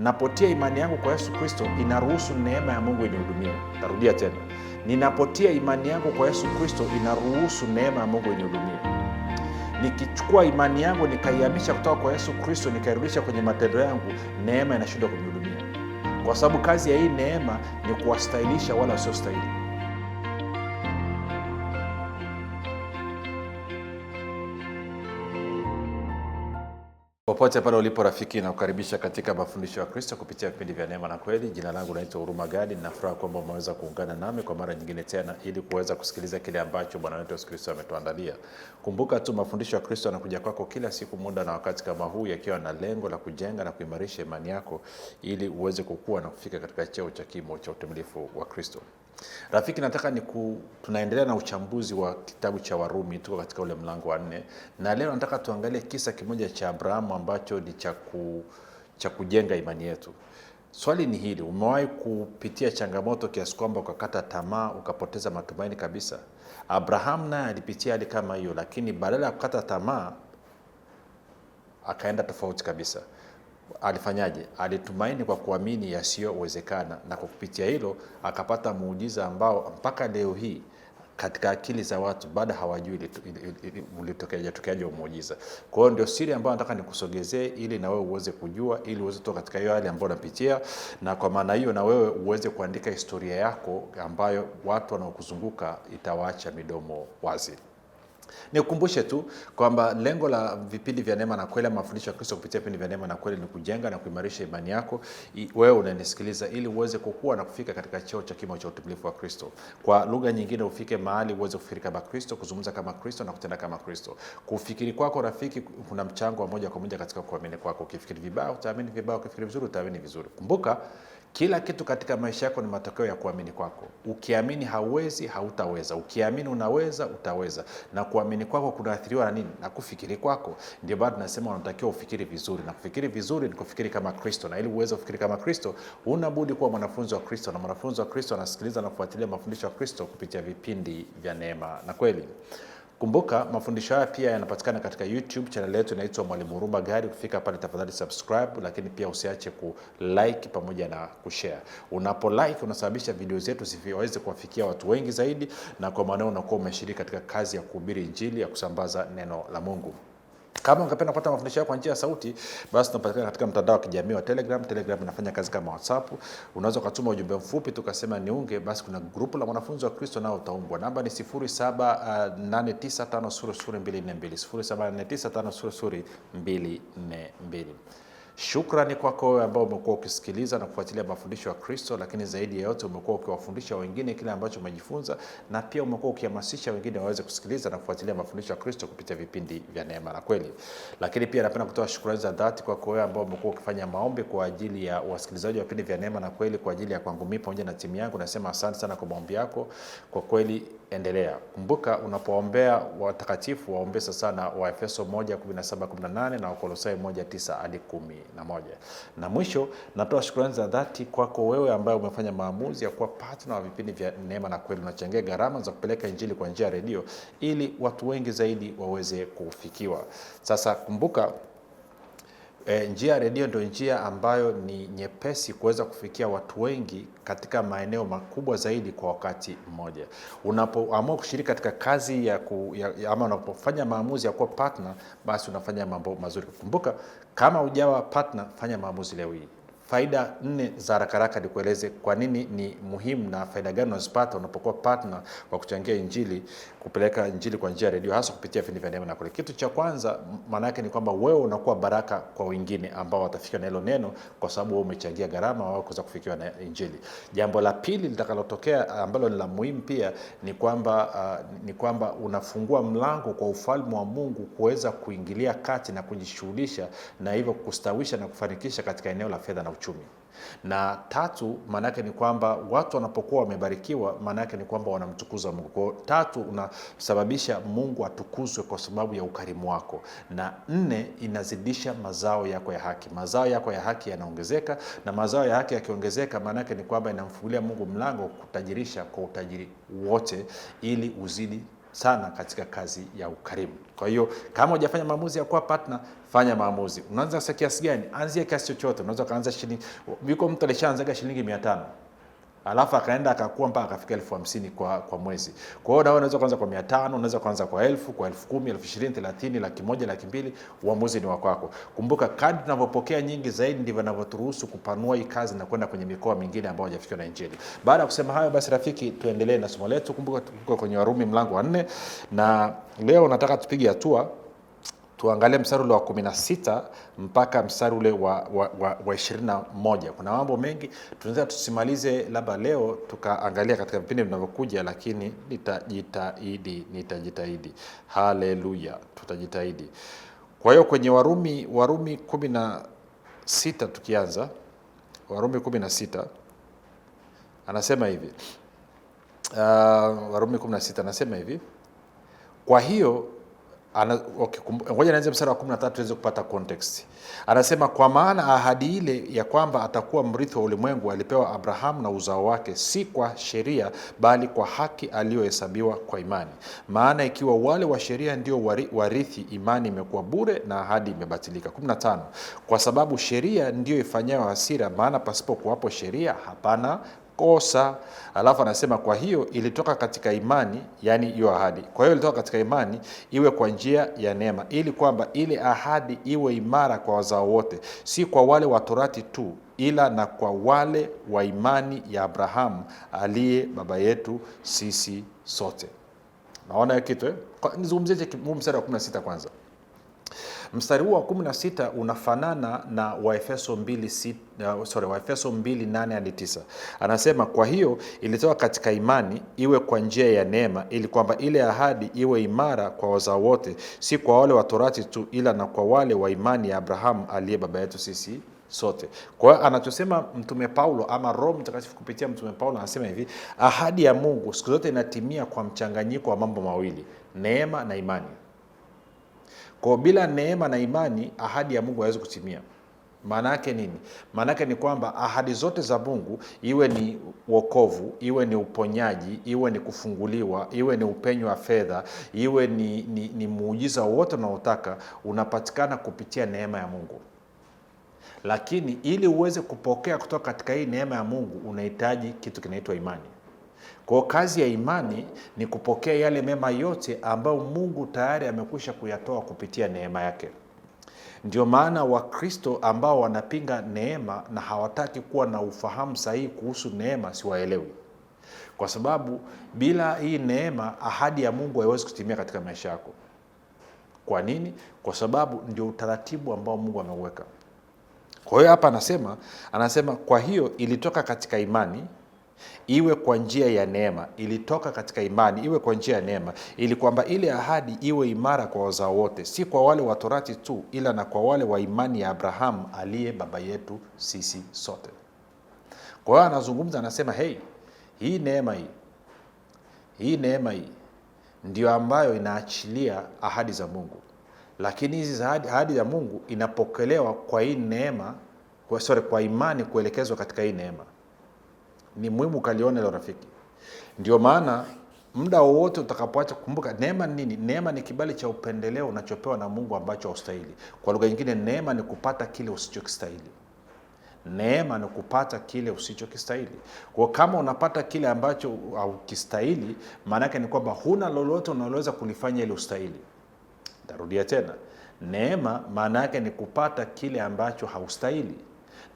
napotia imani yangu kwa Yesu Kristo, inaruhusu neema ya Mungu inihudumie. Tarudia tena, ninapotia imani yangu kwa Yesu Kristo, inaruhusu neema ya Mungu inihudumie. Nikichukua imani yangu nikaihamisha kutoka kwa Yesu Kristo, nikairudisha kwenye matendo yangu, neema inashindwa kunihudumia, kwa sababu kazi ya hii neema ni kuwastahilisha wala wasiostahili. popote pale ulipo rafiki, na kukaribisha katika mafundisho ya Kristo kupitia vipindi vya neema na kweli. Jina langu naitwa Huruma Gadi, ninafuraha kwamba umeweza kuungana nami kwa mara nyingine tena ili kuweza kusikiliza kile ambacho Bwana wetu Yesu Kristo ametuandalia. Kumbuka tu mafundisho ya Kristo yanakuja kwako kila siku, muda na wakati kama huu, yakiwa na lengo la kujenga na kuimarisha imani yako ili uweze kukua na kufika katika cheo cha kimo cha utimilifu wa Kristo. Rafiki, nataka ni ku, tunaendelea na uchambuzi wa kitabu cha Warumi, tuko katika ule mlango wa nne, na leo nataka tuangalie kisa kimoja cha Abrahamu ambacho ni cha ku, cha kujenga imani yetu. Swali ni hili, umewahi kupitia changamoto kiasi kwamba ukakata tamaa, ukapoteza matumaini kabisa? Abrahamu naye alipitia hali kama hiyo, lakini badala ya kukata tamaa akaenda tofauti kabisa alifanyaje? Alitumaini kwa kuamini yasiyowezekana, na kwa kupitia hilo akapata muujiza ambao mpaka leo hii katika akili za watu bado hawajui ulitokeaje muujiza. Kwa hiyo ndio siri ambayo nataka nikusogezee, ili na wewe uweze kujua, ili uweze kutoka katika hiyo hali ambayo unapitia, na kwa maana hiyo na wewe uweze kuandika historia yako ambayo watu wanaokuzunguka itawaacha midomo wazi. Nikukumbushe tu kwamba lengo la vipindi vya Neema na Kweli ama mafundisho ya Kristo kupitia vipindi vya Neema na Kweli ni kujenga na kuimarisha imani yako wewe unanisikiliza, ili uweze kukua na kufika katika cheo cha kimo cha utimilifu wa Kristo. Kwa lugha nyingine, ufike mahali uweze kufikiri kama Kristo, kuzungumza kama Kristo na kutenda kama Kristo. Kufikiri kwako, rafiki, kuna mchango wa moja kwa moja katika kuamini kwako. Ukifikiri vibaya utaamini vibaya, ukifikiri vizuri utaamini vizuri. Kumbuka kila kitu katika maisha yako ni matokeo ya kuamini kwako. Ukiamini hauwezi, hautaweza. Ukiamini unaweza, utaweza. Na kuamini kwako kunaathiriwa na nini? Na kufikiri kwako. Ndio bado tunasema unatakiwa ufikiri vizuri, na kufikiri vizuri ni kufikiri kama Kristo, na ili uweze kufikiri kama Kristo unabudi kuwa mwanafunzi wa Kristo, na mwanafunzi wa Kristo anasikiliza na kufuatilia mafundisho ya Kristo kupitia vipindi vya Neema na Kweli. Kumbuka mafundisho haya pia yanapatikana katika YouTube channel yetu inaitwa Mwalimu Huruma Gadi. Kufika pale tafadhali subscribe, lakini pia usiache kulike pamoja na kushare. Unapo like unasababisha video zetu ziweze kuwafikia watu wengi zaidi, na kwa maana unakuwa umeshiriki katika kazi ya kuhubiri Injili, ya kusambaza neno la Mungu. Kama ungependa kupata mafundisho yao kwa njia ya sauti, basi tunapatikana katika mtandao wa kijamii wa Telegram. Telegram inafanya kazi kama WhatsApp, unaweza ukatuma ujumbe mfupi tukasema niunge. Basi kuna grupu la mwanafunzi wa Kristo nao utaungwa, namba ni 0789500242 0789500242. Shukrani kwako wewe ambao umekuwa ukisikiliza na kufuatilia mafundisho ya Kristo, lakini zaidi ya yote umekuwa ukiwafundisha wengine kile ambacho umejifunza, na pia umekuwa ukihamasisha wengine waweze kusikiliza na kufuatilia mafundisho ya Kristo kupitia vipindi vya Neema na Kweli. Lakini pia napenda kutoa shukrani za dhati kwako wewe ambao umekuwa ukifanya maombi kwa ajili ya wasikilizaji wa vipindi vya Neema na Kweli, kwa ajili ya kwangu mimi pamoja na timu yangu. Nasema asante sana kwa maombi yako, kwa kweli endelea. Kumbuka unapoombea watakatifu waombee sana Waefeso 1:17-18 na Wakolosai 1:9 hadi 10 na moja. Na mwisho natoa shukrani za dhati kwako wewe ambaye umefanya maamuzi ya kuwa partner wa vipindi vya Neema na Kweli, unachangia gharama za kupeleka Injili kwa njia ya redio ili watu wengi zaidi waweze kufikiwa. Sasa kumbuka E, njia ya redio ndio njia ambayo ni nyepesi kuweza kufikia watu wengi katika maeneo makubwa zaidi kwa wakati mmoja. Unapoamua kushiriki katika kazi ya, ku, ya, ya ama unapofanya maamuzi ya kuwa partner, basi unafanya mambo mazuri. Kumbuka, kama ujawa partner, fanya maamuzi leo hii. Faida nne za haraka haraka nikueleze kwa nini ni muhimu na faida gani unazipata unapokuwa partner kwa kuchangia Injili, kupeleka Injili kwa njia ya redio, hasa kupitia vipindi vya neema na kweli. Kitu cha kwanza maana yake ni kwamba wewe unakuwa baraka kwa wengine ambao watafikiwa na hilo neno, kwa sababu wewe umechangia gharama wao kuweza kufikiwa na Injili. Jambo la pili litakalotokea ambalo ni la muhimu pia ni kwamba uh, ni kwamba unafungua mlango kwa ufalme wa Mungu kuweza kuingilia kati na kujishughulisha na hivyo kustawisha na kufanikisha katika eneo la fedha na uchumi. Na tatu maanake ni kwamba watu wanapokuwa wamebarikiwa, maanake ni kwamba wanamtukuza Mungu. Kwa tatu, unasababisha Mungu atukuzwe kwa sababu ya ukarimu wako, na nne, inazidisha mazao yako ya haki. Mazao yako ya haki yanaongezeka, na mazao ya haki yakiongezeka, maanake ni kwamba inamfungulia Mungu mlango kutajirisha kwa utajiri wote, ili uzidi sana katika kazi ya ukarimu. Kwa hiyo kama hujafanya maamuzi ya kuwa partner, fanya maamuzi. Unaanza kiasi gani? Anzia kiasi chochote. Unaweza kaanza shilingi, yuko mtu alishaanzaga shilingi mia tano alafu akaenda akakua mpaka akafika elfu hamsini kwa, kwa mwezi. Kwa hiyo nawe unaweza kuanza kwa mia tano unaweza kuanza kwa elfu kwa elfu kumi elfu ishirini thelathini laki moja laki mbili Uamuzi ni wakwako. Kumbuka, kadri tunavyopokea nyingi zaidi ndivyo navyoturuhusu kupanua hii kazi na kwenda kwenye mikoa mingine ambayo hajafikiwa na Injili. Baada ya kusema hayo, basi rafiki, tuendelee na somo letu. Kumbuka tuko kwenye Warumi mlango wa nne na leo nataka tupige hatua tuangalie mstari ule wa 16 mpaka mstari ule wa, wa, wa, wa 21. Kuna mambo mengi tunaweza tusimalize labda leo tukaangalia katika vipindi vinavyokuja, lakini nitajitahidi, nitajitahidi. Haleluya, tutajitahidi. Kwa hiyo kwenye Warumi, Warumi 16 tukianza, Warumi 16 anasema hivi uh, Warumi 16 anasema hivi, kwa hiyo Okay, ngoja nianze mstari wa 13 tuweze kupata context. Anasema kwa maana ahadi ile ya kwamba atakuwa mrithi wa ulimwengu alipewa Abrahamu na uzao wake, si kwa sheria, bali kwa haki aliyohesabiwa kwa imani. Maana ikiwa wale wa sheria ndio warithi, imani imekuwa bure na ahadi imebatilika. 15 Kwa sababu sheria ndiyo ifanyayo hasira, maana pasipo kuwapo sheria hapana kosa. Alafu anasema kwa hiyo ilitoka katika imani, yani hiyo ahadi, kwa hiyo ilitoka katika imani iwe kwa njia ya neema, ili kwamba ile ahadi iwe imara kwa wazao wote, si kwa wale wa torati tu, ila na kwa wale wa imani ya Abrahamu aliye baba yetu sisi sote. Naona hiyo kitu eh? Nizungumzie mstari wa 16 kwanza. Mstari huu wa 16 unafanana na Waefeso 2 sorry, Waefeso 2:8 hadi 9, anasema kwa hiyo ilitoka katika imani iwe kwa njia ya neema, ili kwamba ile ahadi iwe imara kwa wazao wote, si kwa wale wa torati tu, ila na kwa wale wa imani ya Abrahamu aliye baba yetu sisi sote. Kwa hiyo anachosema Mtume Paulo ama Roho Mtakatifu kupitia Mtume Paulo anasema hivi, ahadi ya Mungu siku zote inatimia kwa mchanganyiko wa mambo mawili, neema na imani. Kwa bila neema na imani ahadi ya Mungu haiwezi kutimia. Maana yake nini? Maana yake ni kwamba ahadi zote za Mungu, iwe ni wokovu, iwe ni uponyaji, iwe ni kufunguliwa, iwe ni upenyo wa fedha, iwe ni, ni, ni muujiza wote unaotaka, unapatikana kupitia neema ya Mungu. Lakini ili uweze kupokea kutoka katika hii neema ya Mungu, unahitaji kitu kinaitwa imani. Kwa kazi ya imani ni kupokea yale mema yote ambayo Mungu tayari amekwisha kuyatoa kupitia neema yake. Ndio maana Wakristo ambao wanapinga neema na hawataki kuwa na ufahamu sahihi kuhusu neema siwaelewi, kwa sababu bila hii neema ahadi ya Mungu haiwezi kutimia katika maisha yako. Kwa nini? Kwa sababu ndio utaratibu ambao Mungu ameuweka. Kwa hiyo hapa anasema anasema, kwa hiyo ilitoka katika imani iwe kwa njia ya neema, ilitoka katika imani, iwe kwa njia ya neema, ili kwamba ile ahadi iwe imara kwa wazao wote, si kwa wale wa torati tu, ila na kwa wale wa imani ya Abrahamu aliye baba yetu sisi sote. Kwa hiyo anazungumza, anasema hei, hii neema hii hii neema hii ndio ambayo inaachilia ahadi za Mungu, lakini hizi ahadi za Mungu inapokelewa kwa hii neema kwa, sorry, kwa imani kuelekezwa katika hii neema ni muhimu ukaliona hilo rafiki. Ndio maana muda wowote utakapoacha kukumbuka neema ni nini. Neema ni kibali cha upendeleo unachopewa na Mungu ambacho haustahili. Kwa lugha nyingine, neema ni kupata kile usichokistahili. Neema ni kupata kile usichokistahili. Kwa kama unapata kile ambacho haukistahili, maana yake ni kwamba huna lolote unaloweza kulifanya ili ustahili. Tarudia tena, neema maana yake ni kupata kile ambacho haustahili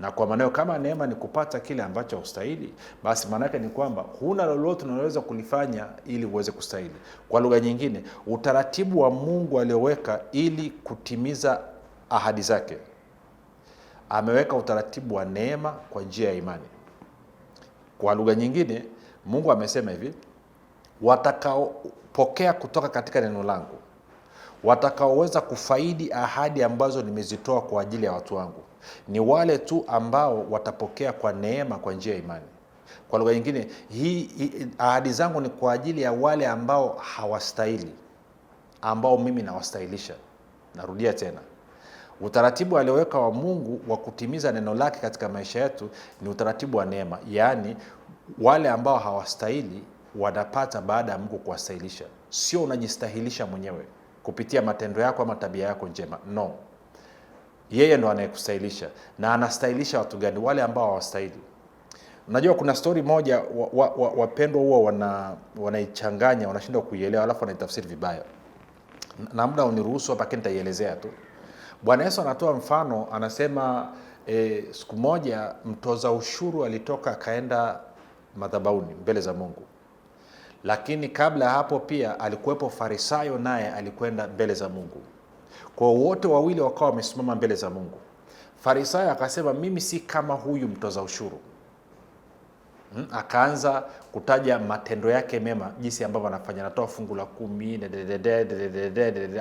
na kwa maana kama neema ni kupata kile ambacho hustahili, basi maanake ni kwamba huna lolote unaloweza kulifanya ili uweze kustahili. Kwa lugha nyingine, utaratibu wa Mungu alioweka ili kutimiza ahadi zake, ameweka utaratibu wa neema kwa njia ya imani. Kwa lugha nyingine, Mungu amesema hivi, watakaopokea kutoka katika neno langu, watakaoweza kufaidi ahadi ambazo nimezitoa kwa ajili ya watu wangu ni wale tu ambao watapokea kwa neema kwa njia ya imani. Kwa lugha nyingine, hii ahadi zangu ni kwa ajili ya wale ambao hawastahili, ambao mimi nawastahilisha. Narudia tena, utaratibu alioweka wa Mungu wa kutimiza neno lake katika maisha yetu ni utaratibu wa neema, yaani wale ambao hawastahili wanapata baada ya Mungu kuwastahilisha, sio unajistahilisha mwenyewe kupitia matendo yako ama tabia yako njema, no. Yeye ndo anayekustahilisha na anastahilisha watu gani? Wale ambao hawastahili. Unajua, kuna stori moja wapendwa wa, wa, huwa wana wanaichanganya wanashindwa kuielewa, alafu wanaitafsiri vibaya, na muda uniruhusu hapa, lakini nitaielezea tu. Bwana Yesu anatoa mfano, anasema e, siku moja mtoza ushuru alitoka akaenda madhabauni mbele za Mungu, lakini kabla ya hapo pia alikuwepo Farisayo, naye alikwenda mbele za Mungu. Kwa wote wawili wakawa wamesimama mbele za Mungu. Farisayo akasema mimi si kama huyu mtoza ushuru hmm. Akaanza kutaja matendo yake mema, jinsi ambavyo anafanya, anatoa fungu la kumi,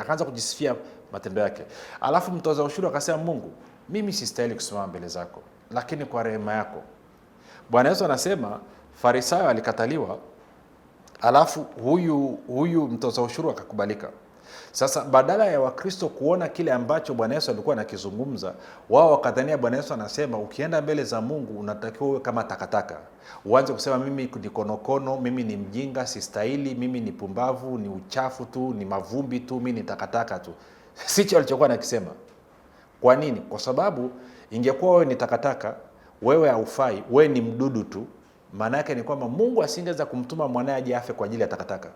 akaanza kujisifia matendo yake. Alafu mtoza ushuru akasema, Mungu, mimi sistahili kusimama mbele zako, lakini kwa rehema yako. Bwana Yesu anasema Farisayo alikataliwa, alafu huyu huyu mtoza ushuru akakubalika. Sasa badala ya Wakristo kuona kile ambacho Bwana Yesu alikuwa anakizungumza, wao wakadhania Bwana Yesu anasema ukienda mbele za Mungu unatakiwa uwe kama takataka, uanze kusema mimi ni konokono, mimi ni mjinga, sistahili, mimi ni pumbavu, ni uchafu tu, ni mavumbi tu, mimi ni takataka tu. Sicho alichokuwa anakisema. Kwa nini? Kwa sababu ingekuwa wewe ni takataka, wewe haufai, wewe ni mdudu tu, maana yake ni asingeweza kumtuma mwanaye aje afe kwa ajili ya takataka.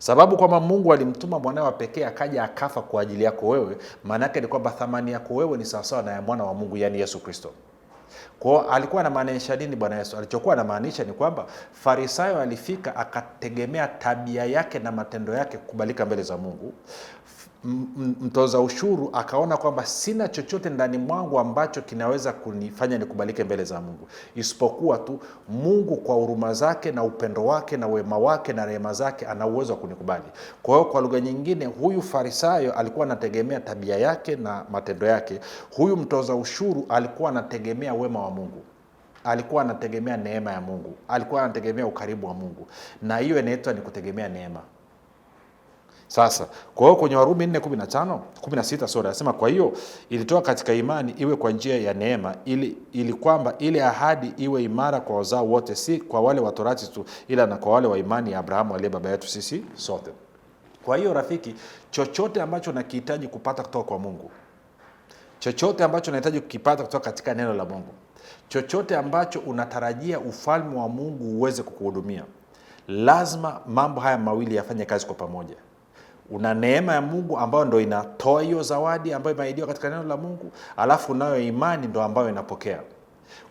Sababu kwamba Mungu alimtuma mwanawe wa pekee akaja akafa kwa ajili yako wewe, maana yake ni kwamba thamani yako wewe ni sawasawa na ya mwana wa Mungu, yaani Yesu Kristo. Kwao alikuwa anamaanisha nini Bwana Yesu? Alichokuwa anamaanisha ni kwamba Farisayo alifika akategemea tabia yake na matendo yake kukubalika mbele za Mungu, mtoza ushuru akaona kwamba sina chochote ndani mwangu ambacho kinaweza kunifanya nikubalike mbele za Mungu isipokuwa tu Mungu kwa huruma zake na upendo wake na wema wake na rehema zake ana uwezo wa kunikubali. Kwa hiyo, kwa lugha nyingine, huyu Farisayo alikuwa anategemea tabia yake na matendo yake, huyu mtoza ushuru alikuwa anategemea wema wa Mungu alikuwa anategemea neema ya Mungu, alikuwa anategemea ukaribu wa Mungu, na hiyo inaitwa ni kutegemea neema. Sasa kwa hiyo kwenye Warumi 4:15 16, sorry, anasema kwa hiyo ilitoka katika imani iwe kwa njia ya neema, ili, ili kwamba ile ahadi iwe imara kwa wazao wote, si kwa wale wa torati tu, ila na kwa wale wa imani ya Abrahamu aliye baba yetu sisi sote. Kwa hiyo rafiki, chochote ambacho nakihitaji kupata kutoka kwa Mungu, chochote ambacho nahitaji kukipata kutoka katika neno la Mungu, chochote ambacho unatarajia ufalme wa Mungu uweze kukuhudumia, lazima mambo haya mawili yafanye kazi kwa pamoja una neema ya Mungu ambayo ndo inatoa hiyo zawadi ambayo imeahidiwa katika neno la Mungu, alafu unayo imani ndo ambayo inapokea.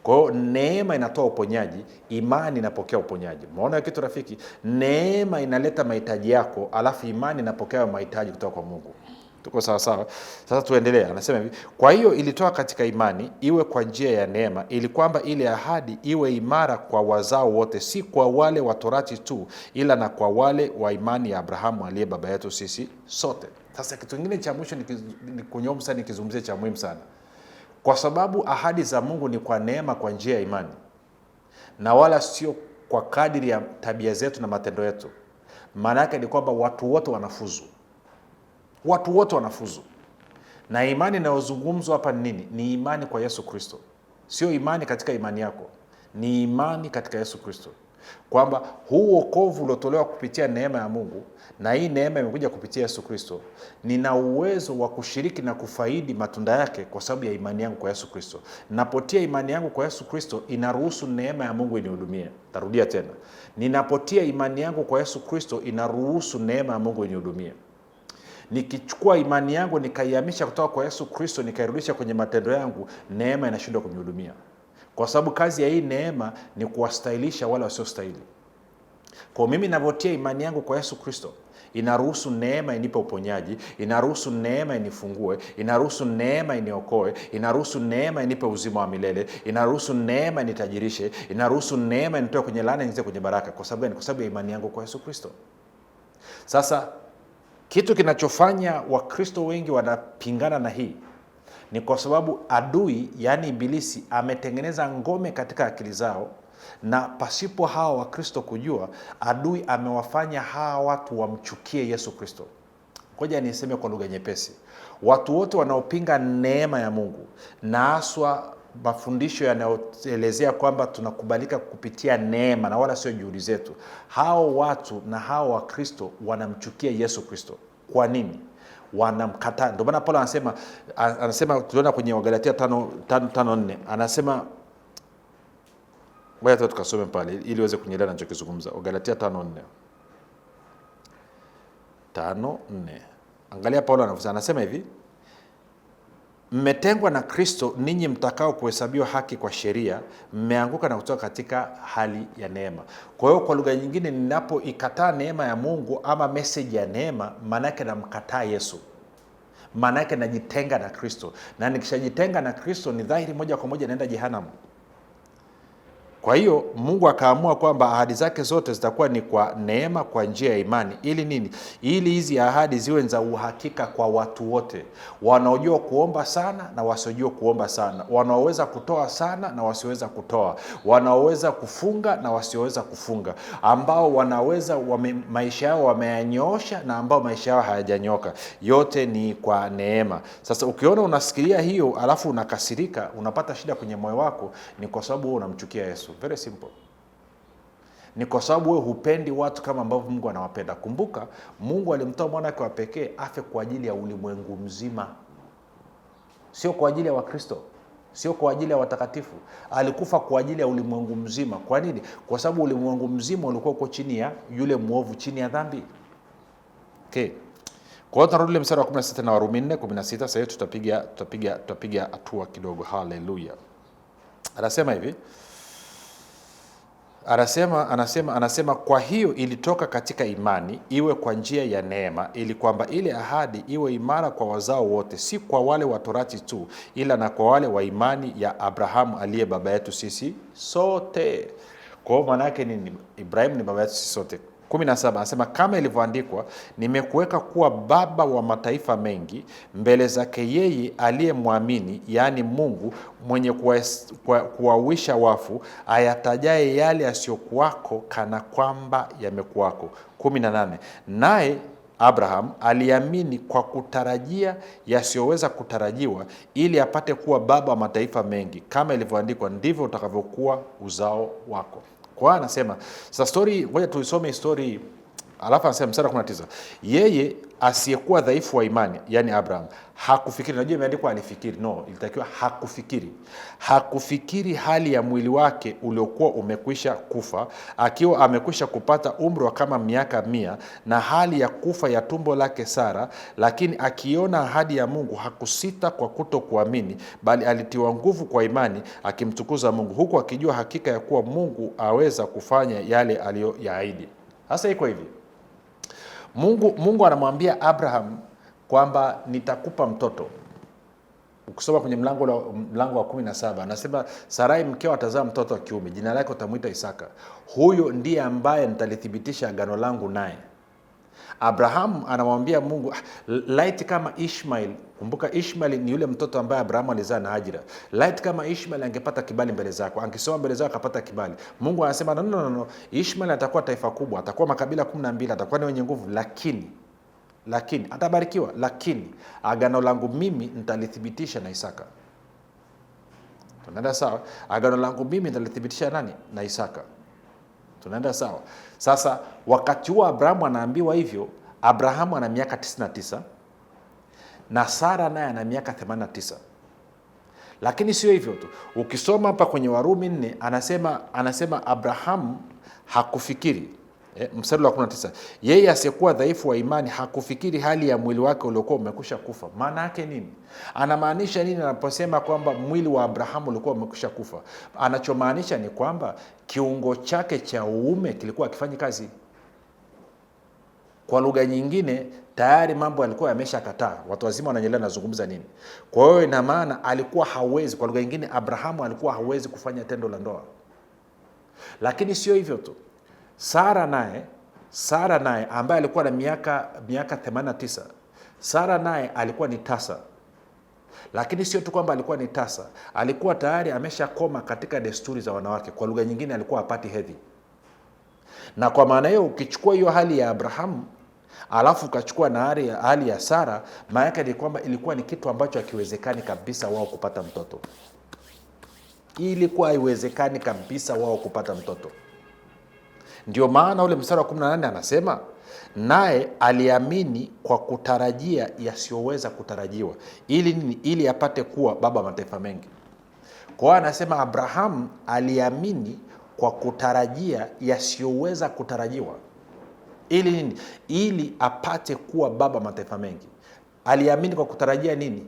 Kwa hiyo neema inatoa uponyaji, imani inapokea uponyaji. Maona ya kitu rafiki, neema inaleta mahitaji yako, alafu imani inapokea mahitaji kutoka kwa Mungu. Tuko sawa sawa. Sasa tuendelee, anasema hivi: kwa hiyo ilitoa katika imani, iwe kwa njia ya neema, ili kwamba ile ahadi iwe imara kwa wazao wote, si kwa wale wa torati tu, ila na kwa wale wa imani ya Abrahamu aliye baba yetu sisi sote. Sasa kitu kingine cha mwisho kunyomsa, nikizungumzia cha muhimu sana, kwa sababu ahadi za Mungu ni kwa neema, kwa njia ya imani, na wala sio kwa kadiri ya tabia zetu na matendo yetu. Maana yake ni kwamba watu wote wanafuzu watu wote wanafuzu. Na imani inayozungumzwa hapa ni nini? Ni imani kwa Yesu Kristo, sio imani katika imani yako, ni imani katika Yesu Kristo, kwamba huu uokovu uliotolewa kupitia neema ya Mungu na hii neema imekuja kupitia Yesu Kristo, nina uwezo wa kushiriki na kufaidi matunda yake kwa sababu ya imani yangu kwa Yesu Kristo. Napotia imani yangu kwa Yesu Kristo, inaruhusu neema ya Mungu inihudumie. Tarudia tena, ninapotia imani yangu kwa Yesu Kristo, inaruhusu neema ya Mungu inihudumie nikichukua imani yangu nikaihamisha kutoka kwa Yesu Kristo nikairudisha kwenye matendo yangu, neema inashindwa kunihudumia, kwa sababu kazi ya hii neema ni kuwastahilisha wale wasiostahili. Kwa mimi navyotia imani yangu kwa Yesu Kristo inaruhusu neema inipe uponyaji, inaruhusu neema inifungue, inaruhusu neema iniokoe, inaruhusu neema inipe uzima wa milele, inaruhusu neema initajirishe, inaruhusu neema initoe kwenye laana, ingize kwenye baraka, kwa sababu ya imani yangu kwa Yesu Kristo. Sasa kitu kinachofanya Wakristo wengi wanapingana na hii ni kwa sababu adui, yaani Ibilisi, ametengeneza ngome katika akili zao, na pasipo hawa Wakristo kujua, adui amewafanya hawa watu wamchukie Yesu Kristo. Ngoja niseme kwa lugha nyepesi, watu wote wanaopinga neema ya Mungu na haswa mafundisho yanayoelezea kwamba tunakubalika kupitia neema na wala sio juhudi zetu. Hao watu na hao Wakristo wanamchukia Yesu Kristo. Kwa nini? Wanamkataa. Ndio maana Paulo anasema, anasema tuliona kwenye Wagalatia tano, tano, tano nne anasema Ngoja tukasome pale ili uweze kunyelea nachokizungumza. Wagalatia tano nne tano nne. Angalia Paulo anasema hivi mmetengwa na Kristo, ninyi mtakao kuhesabiwa haki kwa sheria, mmeanguka na kutoka katika hali ya neema. Kwa hiyo, kwa lugha nyingine, ninapoikataa neema ya Mungu ama meseji ya neema, maanake namkataa Yesu, maanake najitenga na Kristo, na nikishajitenga na Kristo ni dhahiri moja kwa moja naenda jehanamu. Kwa hiyo Mungu akaamua kwamba ahadi zake zote zitakuwa ni kwa neema, kwa njia ya imani, ili nini? Ili hizi ahadi ziwe za uhakika kwa watu wote, wanaojua kuomba sana na wasiojua kuomba sana, wanaoweza kutoa sana na wasioweza kutoa, wanaoweza kufunga na wasioweza kufunga, ambao wanaweza wame, maisha yao wameyanyoosha na ambao maisha yao hayajanyoka. Yote ni kwa neema. Sasa ukiona unasikilia hiyo alafu unakasirika, unapata shida kwenye moyo wako, ni kwa sababu unamchukia Yesu. Yesu. Very simple. Ni kwa sababu wewe hupendi watu kama ambavyo Mungu anawapenda. Kumbuka, Mungu alimtoa mwana wake wa pekee afe kwa ajili ya ulimwengu mzima, sio kwa ajili ya Wakristo, sio kwa ajili ya watakatifu. Alikufa kwa ajili ya ulimwengu mzima. Kwa nini? Kwa sababu ulimwengu mzima ulikuwa uko chini ya yule mwovu, chini ya dhambi. Okay. Kwa hiyo tunarudi ile mstari wa 16 na Warumi 4:16. Sasa tutapiga tutapiga tutapiga hatua kidogo. Haleluya. Anasema hivi anasema, anasema, anasema kwa hiyo ilitoka katika imani iwe kwa njia ya neema, ili kwamba ile ahadi iwe imara kwa wazao wote, si kwa wale wa torati tu, ila na kwa wale wa imani ya Abrahamu aliye baba yetu sisi sote. Kwa hiyo maana yake ni Ibrahimu ni baba yetu sisi sote. 17 anasema kama ilivyoandikwa, nimekuweka kuwa baba wa mataifa mengi mbele zake yeye aliyemwamini, yaani Mungu mwenye kuwawisha wafu, ayatajaye yale yasiyokuwako kana kwamba yamekuwako. 18 naye Abraham aliamini kwa kutarajia yasiyoweza kutarajiwa, ili apate kuwa baba wa mataifa mengi, kama ilivyoandikwa, ndivyo utakavyokuwa uzao wako kwa anasema sasa story, ngoja tuisome story, alafu anasema mstari 19 yeye asiyekuwa dhaifu wa imani, yani Abraham hakufikiri. Najua imeandikwa alifikiri, no, ilitakiwa hakufikiri. Hakufikiri hali ya mwili wake uliokuwa umekwisha kufa, akiwa amekwisha kupata umri wa kama miaka mia, na hali ya kufa ya tumbo lake Sara, lakini akiona ahadi ya Mungu hakusita kwa kuto kuamini bali alitiwa nguvu kwa imani, akimtukuza Mungu, huku akijua hakika ya kuwa Mungu aweza kufanya yale aliyoyaahidi. Sasa iko hivi Mungu, Mungu anamwambia Abraham kwamba nitakupa mtoto ukisoma kwenye mlango, wa, mlango wa kumi na saba anasema Sarai mkeo atazaa mtoto wa kiume, jina lake utamwita Isaka. Huyu ndiye ambaye nitalithibitisha agano langu naye Abrahamu anamwambia Mungu, ah, laiti kama Ishmael. Kumbuka Ishmael ni yule mtoto ambaye Abrahamu alizaa na Hajira. Laiti kama Ishmael angepata kibali mbele zako, angesoma mbele zako akapata kibali. Mungu anasema no, no, no. Ishmael atakuwa taifa kubwa, atakuwa makabila kumi na mbili, atakuwa ni wenye nguvu, lakini lakini atabarikiwa, lakini agano langu mimi nitalithibitisha na Isaka. Tunaenda sawa? Agano langu mimi nitalithibitisha nani? Na Isaka. Tunaenda sawa? Sasa wakati huo Abrahamu anaambiwa hivyo, Abrahamu ana miaka 99 na Sara naye ana miaka 89. Lakini sio hivyo tu, ukisoma hapa kwenye Warumi nne anasema, anasema Abrahamu hakufikiri Eh, mstari wa 19, yeye asiyekuwa dhaifu wa imani hakufikiri hali ya mwili wake uliokuwa umekusha kufa. Maana yake nini? Anamaanisha nini anaposema kwamba mwili wa Abrahamu ulikuwa umekusha kufa? Anachomaanisha ni kwamba kiungo chake cha uume kilikuwa akifanyi kazi. Kwa lugha nyingine, tayari mambo yalikuwa kataa Watu wazima wananyelea nazungumza nini. Kwa hiyo ina maana alikuwa hawezi, kwa lugha nyingine, Abrahamu alikuwa hawezi kufanya tendo la ndoa, lakini sio hivyo tu Sara naye Sara naye ambaye alikuwa na miaka miaka 89 Sara naye alikuwa ni tasa, lakini sio tu kwamba alikuwa ni tasa, alikuwa tayari ameshakoma katika desturi za wanawake. Kwa lugha nyingine, alikuwa hapati hedhi. Na kwa maana hiyo, ukichukua hiyo hali ya Abrahamu alafu ukachukua na hali ya Sara, maana yake ni kwamba ilikuwa ni kitu ambacho hakiwezekani kabisa wao kupata mtoto. Ilikuwa haiwezekani kabisa wao kupata mtoto. Ndio maana ule mstari wa 18 anasema naye aliamini kwa kutarajia yasiyoweza kutarajiwa, ili nini? Ili apate kuwa baba mataifa mengi. Kwa hiyo anasema Abrahamu aliamini kwa kutarajia yasiyoweza kutarajiwa, ili nini? Ili apate kuwa baba mataifa mengi. Aliamini kwa kutarajia nini?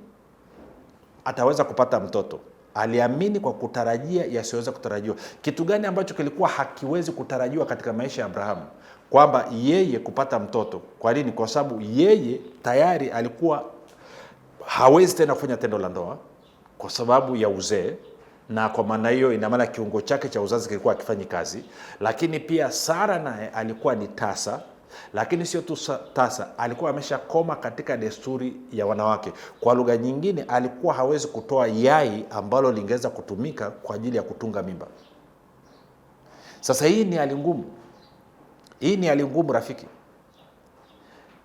Ataweza kupata mtoto aliamini kwa kutarajia yasiyoweza kutarajiwa. Kitu gani ambacho kilikuwa hakiwezi kutarajiwa katika maisha ya Abrahamu? Kwamba yeye kupata mtoto. Kwa nini? Kwa sababu yeye tayari alikuwa hawezi tena kufanya tendo la ndoa kwa sababu ya uzee, na kwa maana hiyo, ina maana kiungo chake cha uzazi kilikuwa akifanyi kazi, lakini pia Sara naye alikuwa ni tasa lakini sio tu tasa, alikuwa ameshakoma katika desturi ya wanawake. Kwa lugha nyingine, alikuwa hawezi kutoa yai ambalo lingeweza kutumika kwa ajili ya kutunga mimba. Sasa hii ni hali ngumu, hii ni hali ngumu rafiki.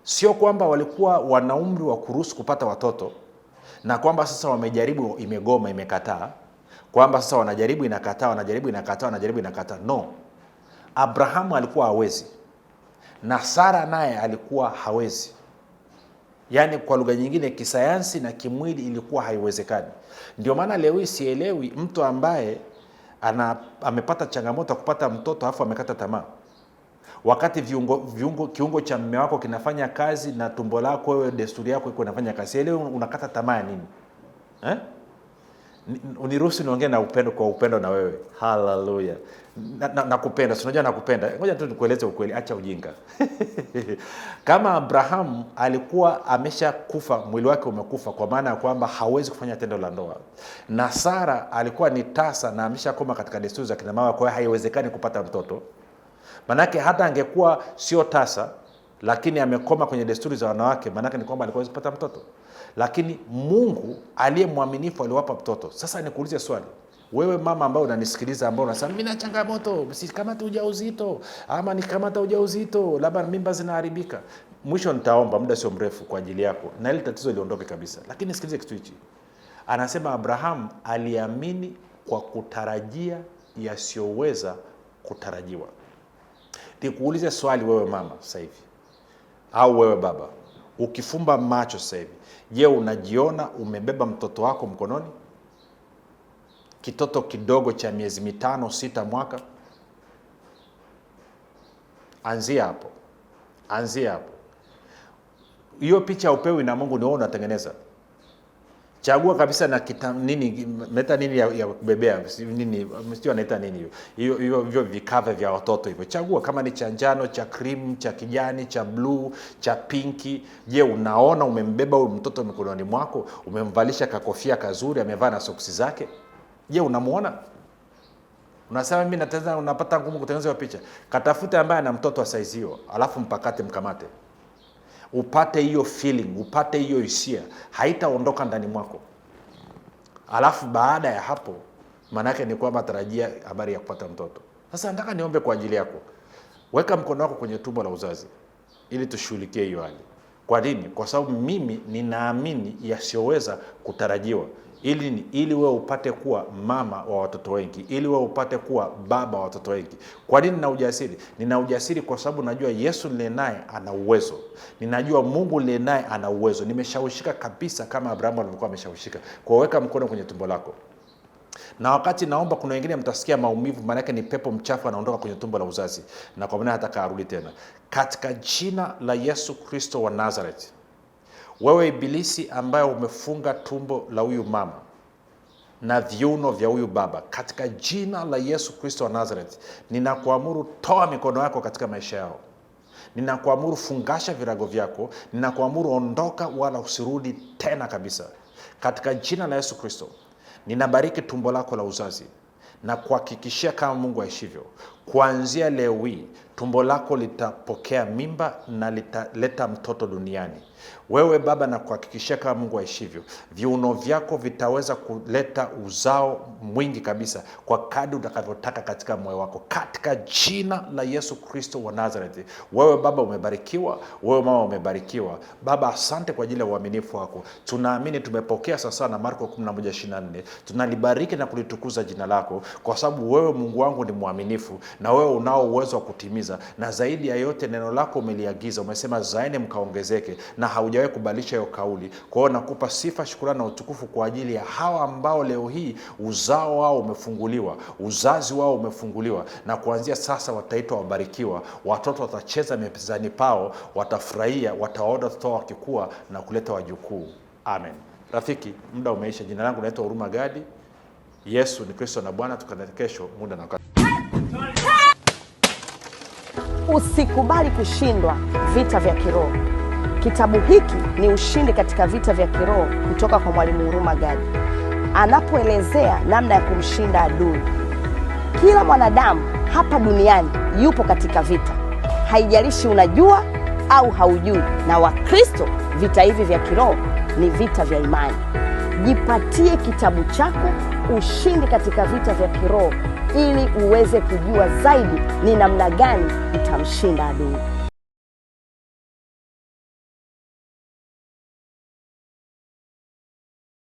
Sio kwamba walikuwa wana umri wa kuruhusu kupata watoto na kwamba sasa wamejaribu, imegoma, imekataa, kwamba sasa wanajaribu, inakataa, wanajaribu, inakataa, wanajaribu, inakataa. No, Abrahamu alikuwa hawezi na Sara naye alikuwa hawezi yaani kwa lugha nyingine kisayansi na kimwili ilikuwa haiwezekani. Ndio maana leo hii sielewi mtu ambaye ana, amepata changamoto ya kupata mtoto afu amekata tamaa, wakati viungo, viungo, kiungo cha mme wako kinafanya kazi na tumbo lako wewe, desturi yako iko inafanya kazi. Sielewi unakata tamaa ya nini eh? uniruhusu niongee na upendo kwa upendo na wewe haleluya nakupenda na, na sinajua nakupenda ngoja tu nikueleze ukweli acha ujinga kama abrahamu alikuwa ameshakufa mwili wake umekufa kwa maana ya kwamba hawezi kufanya tendo la ndoa na sara alikuwa ni tasa na ameshakoma katika desturi za kinamama kwao haiwezekani kupata mtoto maanake hata angekuwa sio tasa lakini amekoma kwenye desturi za wanawake, maanake ni kwamba alikuwa hawezi kupata mtoto, lakini Mungu aliye mwaminifu aliwapa mtoto. Sasa nikuulize swali, wewe mama ambaye unanisikiliza, ambao unasema mimi na changamoto, sikamata ujauzito ama nikamata ujauzito, labda mimba zinaharibika. Mwisho nitaomba muda sio mrefu kwa ajili yako na ile tatizo liondoke kabisa, lakini nisikilize kitu hichi. Anasema Abrahamu aliamini kwa kutarajia yasiyoweza kutarajiwa. Nikuulize swali, wewe mama, sasa hivi au wewe baba ukifumba macho sasa hivi, je, unajiona umebeba mtoto wako mkononi, kitoto kidogo cha miezi mitano sita, mwaka? Anzia hapo, anzia hapo. Hiyo picha upewi na Mungu, ni wewe unatengeneza chagua kabisa na kita, nini meta nini ya, ya kubebea nini msio anaita nini hiyo hiyo hiyo vikave vya watoto hivyo. Chagua kama ni cha njano, cha cream cha kijani, cha blue cha pinki. Je, unaona umembeba huyu mtoto mikononi mwako, umemvalisha kakofia kazuri, amevaa na soksi zake? Je, unamuona? Unasema mimi nataza unapata ngumu kutengeneza picha. Katafute ambaye ana mtoto wa saizi hiyo, alafu mpakate, mkamate upate hiyo feeling, upate hiyo hisia, haitaondoka ndani mwako. Alafu baada ya hapo, maanake ni kwamba tarajia habari ya kupata mtoto. Sasa nataka niombe kwa ajili yako, weka mkono wako kwenye tumbo la uzazi ili tushughulikie hiyo hali. Kwa nini? Kwa sababu mimi ninaamini yasiyoweza kutarajiwa ili ni ili wewe upate kuwa mama wa watoto wengi, ili wewe upate kuwa baba wa watoto wengi. Kwa nini nina ujasiri? Nina ujasiri kwa sababu najua Yesu niliye naye ana uwezo, ninajua Mungu niliye naye ana uwezo. Nimeshawishika kabisa kama Abrahamu alivyokuwa ameshawishika. Kwa weka mkono kwenye tumbo lako na wakati naomba, kuna wengine mtasikia maumivu, maanake ni pepo mchafu anaondoka kwenye tumbo la uzazi, na kwa maana hata kaarudi tena, katika jina la Yesu Kristo wa Nazareti wewe Ibilisi ambaye umefunga tumbo la huyu mama na viuno vya huyu baba, katika jina la Yesu Kristo wa Nazareth, ninakuamuru toa mikono yako katika maisha yao. Ninakuamuru fungasha virago vyako. Ninakuamuru ondoka, wala usirudi tena kabisa, katika jina la Yesu Kristo. Ninabariki tumbo lako la uzazi na kuhakikishia kama Mungu aishivyo, kuanzia leo hii tumbo lako litapokea mimba na litaleta mtoto duniani. Wewe baba, na kuhakikishia kama Mungu aishivyo, viuno vyako vitaweza kuleta uzao mwingi kabisa kwa kadi utakavyotaka katika moyo wako, katika jina la Yesu Kristo wa Nazareti. Wewe baba umebarikiwa, wewe mama umebarikiwa. Baba, asante kwa ajili ya uaminifu wako. Tunaamini tumepokea sasa na Marko 11:24 tunalibariki na kulitukuza jina lako, kwa sababu wewe Mungu wangu ni mwaminifu, na wewe unao uwezo wa kutimiza umeliagiza na zaidi ya yote neno lako umeliagiza. Umesema zaeni mkaongezeke, na haujawahi kubadilisha hiyo kauli. Kwa hiyo nakupa sifa, shukurani na utukufu kwa ajili ya hawa ambao leo hii uzao wao umefunguliwa, uzazi wao umefunguliwa, na kuanzia sasa wataitwa wabarikiwa. Watoto watacheza mezani pao, watafurahia, wataoda watoto wao wakikua na kuleta wajukuu. Amen. Rafiki, muda umeisha. Jina langu naitwa Huruma Gadi. Yesu ni Kristo na Bwana. Tukutane kesho muda na wakati. Usikubali kushindwa vita vya kiroho. Kitabu hiki ni ushindi katika vita vya kiroho kutoka kwa Mwalimu Huruma Gadi, anapoelezea namna ya kumshinda adui. Kila mwanadamu hapa duniani yupo katika vita, haijalishi unajua au haujui. Na Wakristo, vita hivi vya kiroho ni vita vya imani. Jipatie kitabu chako ushindi katika vita vya kiroho ili uweze kujua zaidi ni namna gani utamshinda adui.